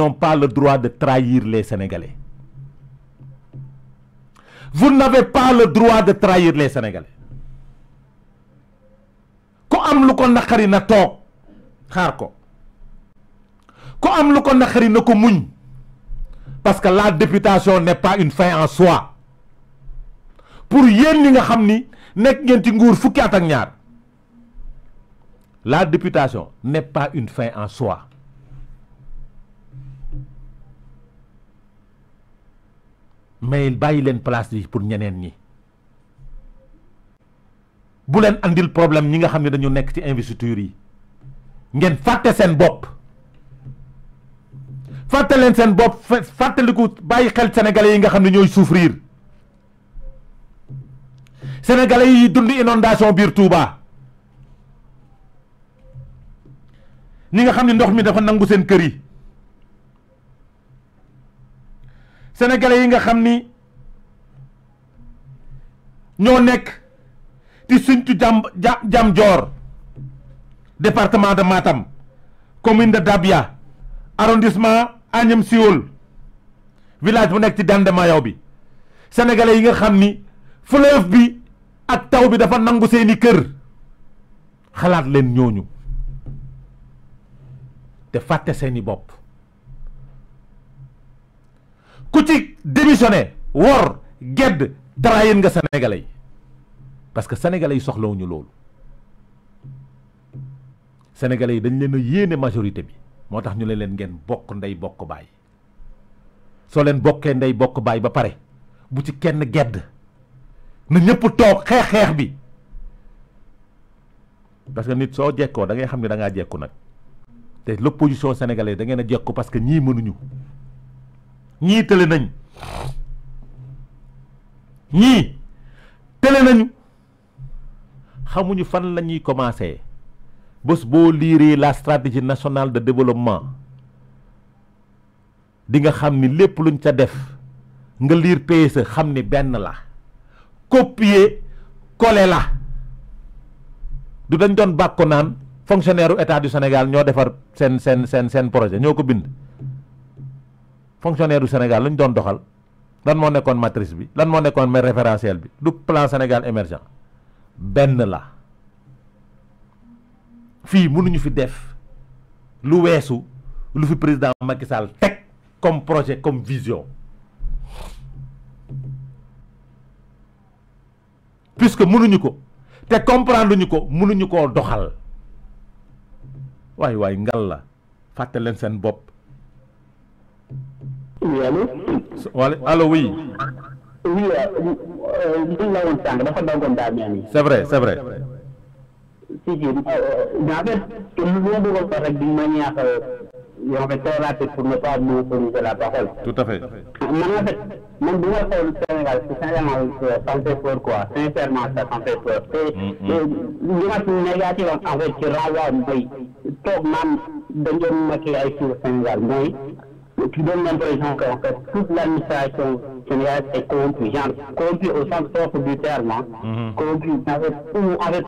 n'ont pas le droit de trahir les Sénégalais. Vous n'avez pas le droit de trahir les Sénégalais. quand am lu ko naqari na toog xaar ko na parce que la députation n'est pas une fin en soi pour yéen ñi nga n'est ni fou la députation n'est pas une fin en soi mais bayi len place bi pour ñeneen ñi bu len andil problème ñi nga xamni dañu nekk ci investiture yi ngeen sen bop bopp len sen bop bopp liku bayi xel sénégalais yi nga xamni ñoy souffrir sénégalais yi dund inondation bir Touba ni nga xamni ndox mi dafa nangu sen kër sénégalais yi nga xam ni ñoo nekk ci Sinthiou jam jam joor département de Matam commune de Dabia arrondissement Agnam Sioul village bu nekk ci Dande Mayaw bi sénégalais yi nga xam ni fleuve bi ak taw bi dafa nangu seeni kër xalaat leen ñooñu te fàtte seeni bopp ku ci démissionné wor gedd dara yéen nga sénégalais parce que sénégalais soxlo soxlawuñu lool sénégalais dañ leen a yéene majorité bi motax ñu leen ngeen bok ndey bok bay so leen bokké ndey bok bay ba paré bu ci kenn gedd na ñepp tok xex xex bi parce que nit so jekko da ngay xam ne da nga jekku nak té l'opposition sénégalais da ngay na jekku parce que ñi mënuñu ñi télé nañ ñi télé nañ xamuñu fan lañuy commencé bëss bo liré la stratégie nationale de développement di nga xam ni luñ ca def nga liir PSE xam ni la copier coller la du dañ doon bakko naan fonctionnaire état du Sénégal ño defar sen sen sen sen projet ño ko bind fonctionnaire du Sénégal lañ doon doxal lan moo nekkoon matrice bi lan moo nekkoon mais référentiel bi du plan Sénégal émergent benn la fii mënuñu fi def lu weesu lu fi président Macky Sall teg comme projet comme vision puisque mënuñu ko te comprendre ñu ko mënuñu koo doxal waay waay ngal la fàtte leen seen bopp oui allo. Oh, wala allo oui. oui liñ euh, euh, la woon sànq dafa dogoon daal c'est vrai c'est vrai. si si en fait lu ma bëggoon wax rek di ma ñaax yow rek très rapide pour ne pas monopoliser la parole. tout à fait. man en fait man bu ma xool Sénégal si sincèrement ça me fait peur quoi sincèrement ça me fait peur te image négative en fait ci renvoi mooy toog naan dañu doon maquiller ay suuf Sénégal mooy. qui donne l'impression que, toute l'administration est corrompue, corrompue au sens propre du terme, hein, mm -hmm. corrompue avec, ou avec